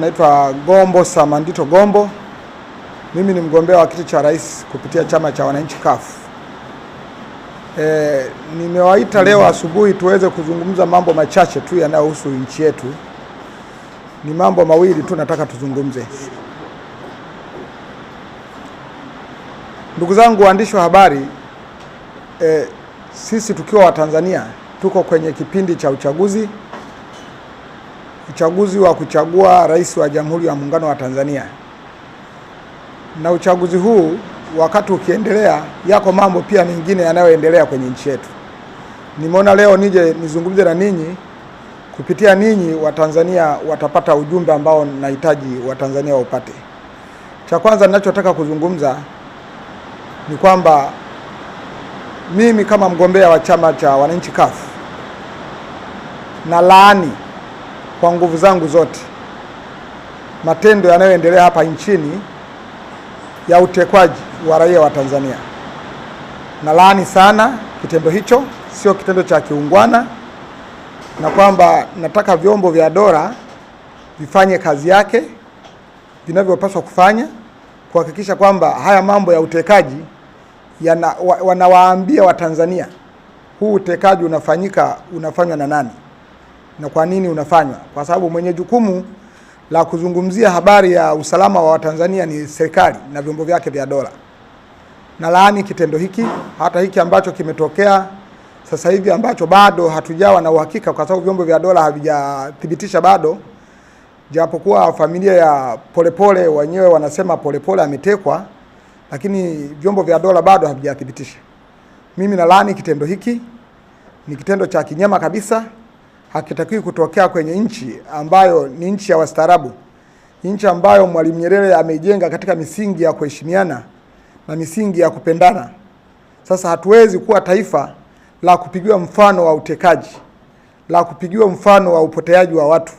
naitwa Gombo Samandito Gombo. Mimi ni mgombea wa kiti cha rais kupitia chama cha wananchi CUF. E, nimewaita leo asubuhi tuweze kuzungumza mambo machache tu yanayohusu nchi yetu. Ni mambo mawili tu nataka tuzungumze. Ndugu zangu waandishi wa habari, e, sisi tukiwa Watanzania tuko kwenye kipindi cha uchaguzi uchaguzi wa kuchagua rais wa Jamhuri ya Muungano wa Tanzania. Na uchaguzi huu wakati ukiendelea, yako mambo pia mengine yanayoendelea kwenye nchi yetu. Nimeona leo nije nizungumze na ninyi, kupitia ninyi Watanzania watapata ujumbe ambao nahitaji Watanzania waupate. Cha kwanza ninachotaka kuzungumza ni kwamba mimi kama mgombea wa chama cha wananchi CUF na laani kwa nguvu zangu zote matendo yanayoendelea hapa nchini ya utekwaji wa raia wa Tanzania. Nalaani sana kitendo hicho, sio kitendo cha kiungwana, na kwamba nataka vyombo vya dola vifanye kazi yake vinavyopaswa kufanya, kuhakikisha kwamba haya mambo ya utekaji yana, wanawaambia Watanzania huu utekaji unafanyika unafanywa na nani na kwa nini unafanywa, kwa sababu mwenye jukumu la kuzungumzia habari ya usalama wa Watanzania ni serikali na vyombo vyake vya dola. Na laani kitendo hiki, hata hiki ambacho kimetokea sasa hivi ambacho bado hatujawa na uhakika, kwa sababu vyombo vya dola havijathibitisha bado, japokuwa familia ya Polepole wenyewe wanasema Polepole ametekwa, lakini vyombo vya dola bado havijathibitisha. Mimi nalaani kitendo hiki, ni kitendo cha kinyama kabisa hakitakiwi kutokea kwenye nchi ambayo ni nchi ya wastaarabu, nchi ambayo Mwalimu Nyerere ameijenga katika misingi ya kuheshimiana na misingi ya kupendana. Sasa hatuwezi kuwa taifa la kupigiwa mfano wa utekaji, la kupigiwa mfano wa upoteaji wa watu.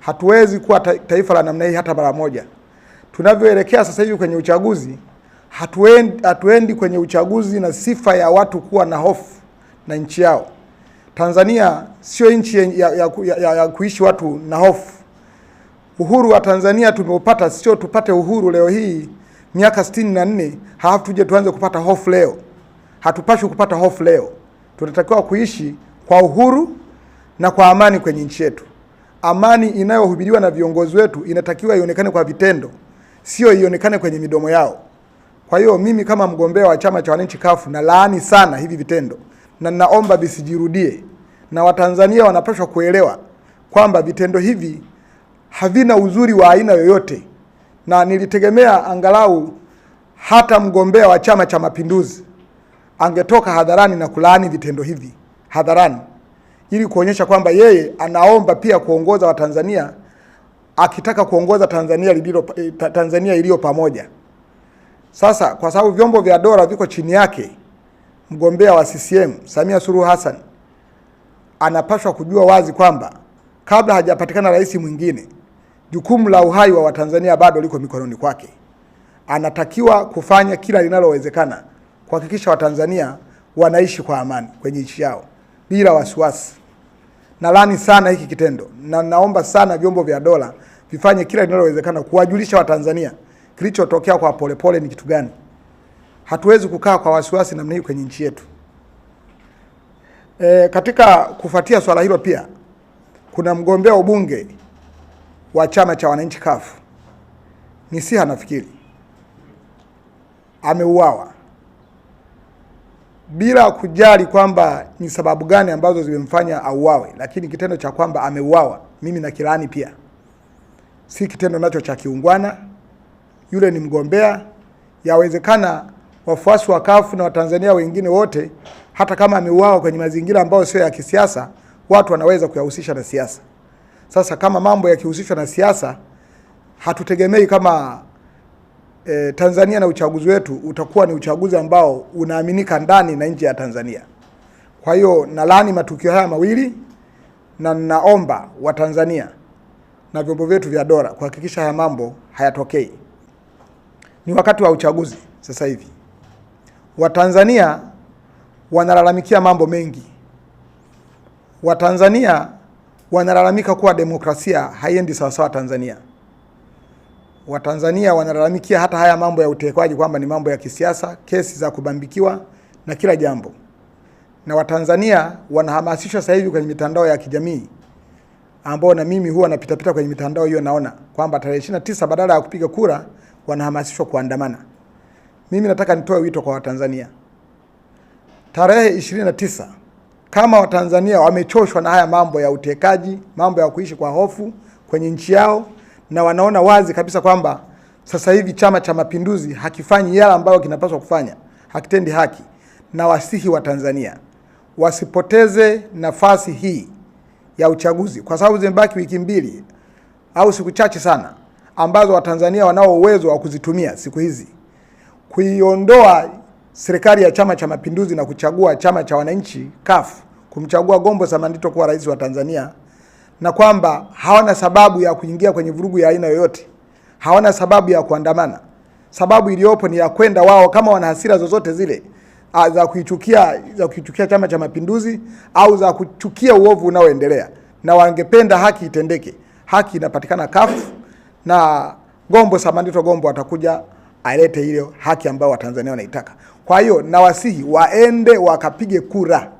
Hatuwezi kuwa taifa la namna hii hata mara moja. Tunavyoelekea sasa hivi kwenye uchaguzi, hatuendi, hatuendi kwenye uchaguzi na sifa ya watu kuwa na hofu na nchi yao. Tanzania sio nchi ya, ya, ya, ya kuishi watu na hofu. Uhuru wa Tanzania tumeupata, sio tupate uhuru leo hii miaka sitini na nne halafu tuje tuanze kupata hofu leo. Hatupashi kupata hofu leo, tunatakiwa kuishi kwa uhuru na kwa amani kwenye nchi yetu. Amani inayohubiriwa na viongozi wetu inatakiwa ionekane kwa vitendo, sio ionekane kwenye midomo yao. Kwa hiyo mimi kama mgombea wa chama cha wananchi CUF na laani sana hivi vitendo na ninaomba visijirudie, na Watanzania wanapaswa kuelewa kwamba vitendo hivi havina uzuri wa aina yoyote, na nilitegemea angalau hata mgombea wa Chama cha Mapinduzi angetoka hadharani na kulaani vitendo hivi hadharani ili kuonyesha kwamba yeye anaomba pia kuongoza Watanzania akitaka kuongoza Tanzania lililo eh, Tanzania iliyo pamoja. Sasa kwa sababu vyombo vya dola viko chini yake mgombea wa CCM Samia Suluhu Hassan anapaswa kujua wazi kwamba kabla hajapatikana rais mwingine, jukumu la uhai wa Watanzania bado liko mikononi kwake. Anatakiwa kufanya kila linalowezekana kuhakikisha Watanzania wanaishi kwa amani kwenye nchi yao bila wasiwasi. Nalani sana hiki kitendo na naomba sana vyombo vya dola vifanye kila linalowezekana kuwajulisha Watanzania kilichotokea kwa Polepole ni kitu gani hatuwezi kukaa kwa wasiwasi namna hii kwenye nchi yetu. E, katika kufuatia swala hilo pia kuna mgombea ubunge wa chama cha wananchi kafu ni Siha nafikiri ameuawa bila kujali kwamba ni sababu gani ambazo zimemfanya auawe, lakini kitendo cha kwamba ameuawa mimi na kilani pia, si kitendo nacho cha kiungwana. Yule ni mgombea, yawezekana wafuasi wa kafu na Watanzania wengine wote, hata kama ameuawa kwenye mazingira ambayo sio ya kisiasa, watu wanaweza kuyahusisha na siasa. Sasa kama mambo yakihusishwa na siasa, hatutegemei kama eh, Tanzania na uchaguzi wetu utakuwa ni uchaguzi ambao unaaminika ndani na nje ya Tanzania. Kwa hiyo nalani matukio haya mawili na naomba Watanzania na vyombo vyetu vya dola kuhakikisha haya mambo hayatokei. Ni wakati wa uchaguzi sasa hivi. Watanzania wanalalamikia mambo mengi. Watanzania wanalalamika kuwa demokrasia haiendi sawasawa Tanzania. Watanzania wanalalamikia hata haya mambo ya utekwaji kwamba ni mambo ya kisiasa, kesi za kubambikiwa na kila jambo. Na Watanzania wanahamasishwa sasa hivi kwenye mitandao ya kijamii ambao na mimi huwa napitapita kwenye mitandao hiyo, naona kwamba tarehe 29 badala ya kupiga kura wanahamasishwa kuandamana. Mimi nataka nitoe wito kwa Watanzania, tarehe 29 kama Watanzania wamechoshwa na haya mambo ya utekaji, mambo ya kuishi kwa hofu kwenye nchi yao, na wanaona wazi kabisa kwamba sasa hivi Chama cha Mapinduzi hakifanyi yale ambayo kinapaswa kufanya, hakitendi haki, na wasihi Watanzania wasipoteze nafasi hii ya uchaguzi, kwa sababu zimebaki wiki mbili au siku chache sana ambazo Watanzania wanao uwezo wa kuzitumia siku hizi kuiondoa serikali ya Chama cha Mapinduzi na kuchagua Chama cha Wananchi CUF, kumchagua Gombo Samandito kuwa rais wa Tanzania, na kwamba hawana sababu ya kuingia kwenye vurugu ya aina yoyote, hawana sababu ya kuandamana. Sababu iliyopo ni ya kwenda wao, kama wana hasira zozote zile za kuichukia za kuichukia Chama cha Mapinduzi au za kuchukia uovu unaoendelea, na wangependa haki itendeke. Haki inapatikana CUF na Gombo Samandito Gombo atakuja alete ile haki ambayo Watanzania wanaitaka. Kwa hiyo nawasihi waende wakapige kura,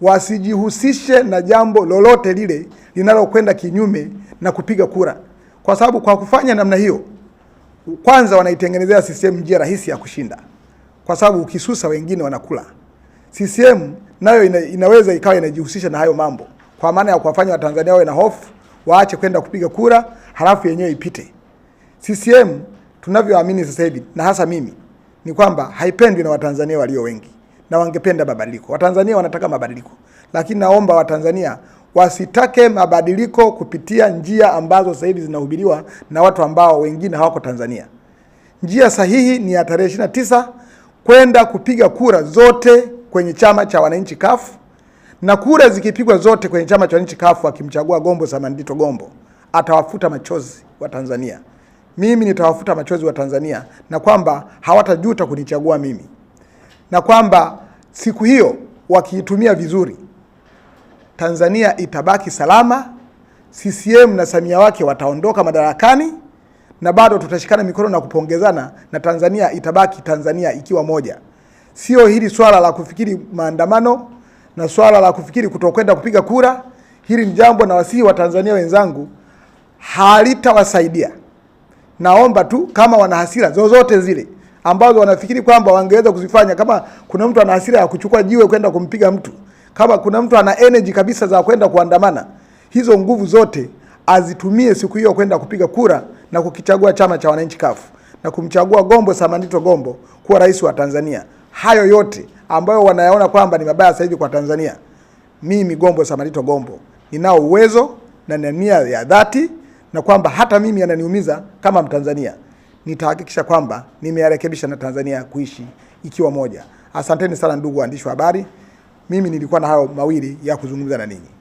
wasijihusishe na jambo lolote lile linalokwenda kinyume na kupiga kura, kwa sababu kwa kufanya namna hiyo, kwanza wanaitengenezea CCM njia rahisi ya kushinda, kwa sababu ukisusa wengine wanakula. CCM nayo ina, inaweza ikawa inajihusisha na hayo mambo, kwa maana ya kuwafanya Watanzania wawe na hofu, waache kwenda kupiga kura, halafu yenyewe ipite CCM tunavyoamini sasa hivi na hasa mimi ni kwamba haipendwi na Watanzania walio wengi, na wangependa mabadiliko. Watanzania wanataka mabadiliko, lakini naomba Watanzania wasitake mabadiliko kupitia njia ambazo sasa hivi zinahubiriwa na watu ambao wengine hawako Tanzania. Njia sahihi ni ya tarehe 29 kwenda kupiga kura zote kwenye chama cha wananchi CUF, na kura zikipigwa zote kwenye chama cha wananchi CUF, akimchagua Gombo Samandito Gombo atawafuta machozi wa Tanzania mimi nitawafuta machozi wa Tanzania na kwamba hawatajuta kunichagua mimi, na kwamba siku hiyo wakiitumia vizuri, Tanzania itabaki salama, CCM na Samia wake wataondoka madarakani na bado tutashikana mikono na kupongezana na Tanzania itabaki Tanzania ikiwa moja. Sio hili swala la kufikiri maandamano na swala la kufikiri kutokwenda kupiga kura. Hili ni jambo na wasihi wa Tanzania wenzangu halitawasaidia naomba tu kama wana hasira zozote zile ambazo wanafikiri kwamba wangeweza kuzifanya, kama kuna mtu ana hasira ya kuchukua jiwe kwenda kumpiga mtu, kama kuna mtu ana energy kabisa za kwenda kuandamana, hizo nguvu zote azitumie siku hiyo kwenda kupiga kura na kukichagua chama cha wananchi kafu na kumchagua Gombo Samandito Gombo kuwa rais wa Tanzania. Hayo yote ambayo wanayaona kwamba ni mabaya sasa hivi kwa Tanzania, mimi Gombo Samandito Gombo ninao uwezo na nia ya dhati na kwamba hata mimi yananiumiza kama Mtanzania, nitahakikisha kwamba nimeyarekebisha na Tanzania kuishi ikiwa moja. Asanteni sana ndugu waandishi wa habari, mimi nilikuwa na hayo mawili ya kuzungumza na ninyi.